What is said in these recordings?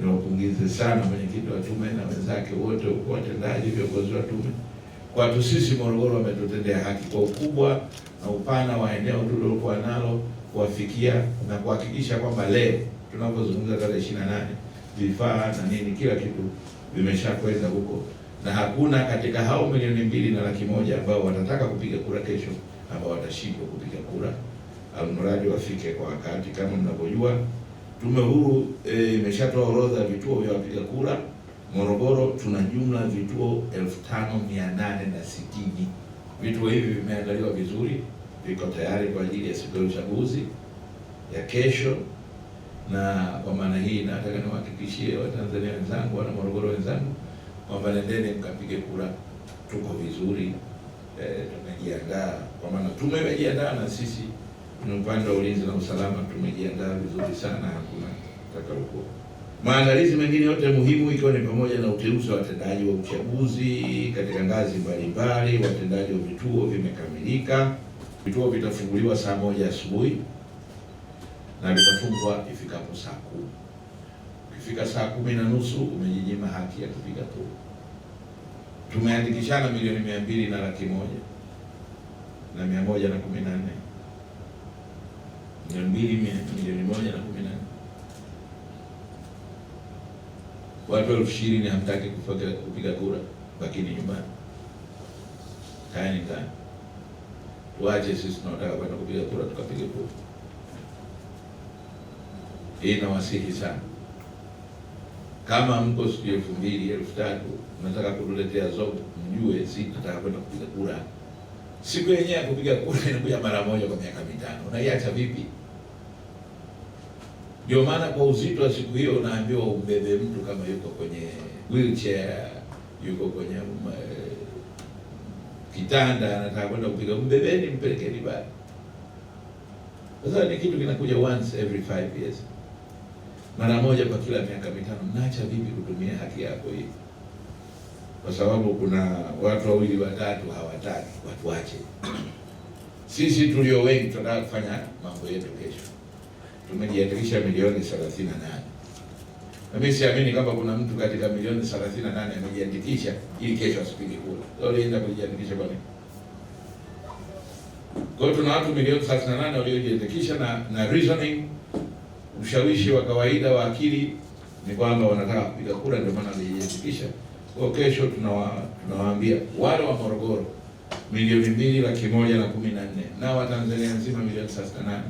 Niwapongeze sana mwenyekiti wa tume na wenzake wote, huko watendaji, viongozi wa tume. Kwetu sisi Morogoro wametutendea haki kwa ukubwa na upana wa eneo tulilokuwa nalo kuwafikia na kuhakikisha kwamba leo tunapozungumza tarehe ishirini na nane vifaa na nini kila kitu vimeshakwenda huko, na hakuna katika hao milioni mbili na laki moja ambao wanataka kupiga kura kesho ambao watashindwa kupiga kura. Almradi wafike kwa wakati. Kama mnavyojua Tume huru e, imeshatoa e, orodha ya vituo vya wapiga kura. Morogoro tuna jumla vituo elfu na Vituo hivi vimeandaliwa vizuri, viko tayari kwa ajili ya siku ya uchaguzi ya kesho, na kwa maana hii nataka niwahakikishie Watanzania wenzangu, wana Morogoro wenzangu kwamba nendeni mkapige kura, tuko vizuri e, tumejiandaa, kwa maana tume imejiandaa na sisi na upande wa ulinzi na usalama tumejiandaa vizuri sana, hakuna tataruko. Maandalizi mengine yote muhimu ikiwa ni pamoja na uteuzi wa watendaji wa uchaguzi katika ngazi mbalimbali, watendaji wa vituo vimekamilika. Vituo vitafunguliwa saa moja asubuhi na vitafungwa ifikapo saa kumi. Ukifika saa kumi na nusu umejinyima haki ya kupiga kura. Tumeandikishana milioni mia mbili na laki moja na mia moja na kumi na nne milioni mbili milioni moja na kumi na nne watu elfu ishirini hamtaki kupiga kura, lakini nyumbani kaeni ndani, waje sisi tunataka kwenda kupiga kura, tukapiga kura. Hii nawasihi sana, kama mko siku elfu mbili elfu tatu nataka kutuletea zogo, mjue si nataka kwenda kupiga kura. Siku yenyewe ya kupiga kura inakuja mara moja kwa miaka mitano, unaiacha vipi? Ndio maana kwa uzito wa siku hiyo unaambiwa umbebe mtu kama yuko kwenye wheelchair, yuko kwenye e, kitanda anataka kwenda kupiga, mbebeni, mpelekeni bali. Sasa ni kitu kinakuja once every five years, mara moja kwa kila miaka mitano. Mnaacha vipi kutumia haki yako hii? Kwa sababu kuna watu wawili watatu hawataki, watu wache. Sisi tulio wengi tunataka kufanya mambo yetu kesho tumejiandikisha milioni 38. Na mimi siamini kama kuna mtu katika milioni 38 amejiandikisha ili kesho asipige kura. Leo nienda kujiandikisha kwa nini? Kwa hiyo tuna watu milioni 38 waliojiandikisha na na reasoning, ushawishi wa kawaida wa akili ni kwamba wanataka kupiga kura, ndio maana wamejiandikisha. Kwa kesho tunawa, tunawaambia wale wa Morogoro milioni mbili laki moja na kumi na nne na Watanzania nzima milioni 38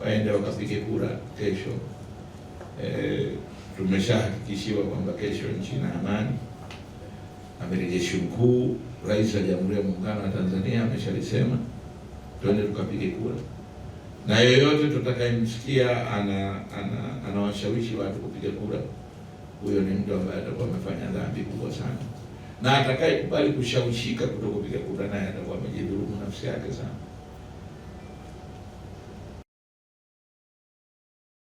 waende wakapige kura kesho. E, tumeshahakikishiwa kwamba kesho nchi na amani. Amiri Jeshi Mkuu, Rais wa Jamhuri ya Muungano wa Tanzania ameshalisema tuende tukapige kura, na yoyote tutakayemsikia ana, ana, anawashawishi watu kupiga kura, huyo ni mtu ambaye atakuwa amefanya dhambi kubwa sana, na atakayekubali kushawishika kupiga kura, naye atakuwa amejidhulumu nafsi yake sana.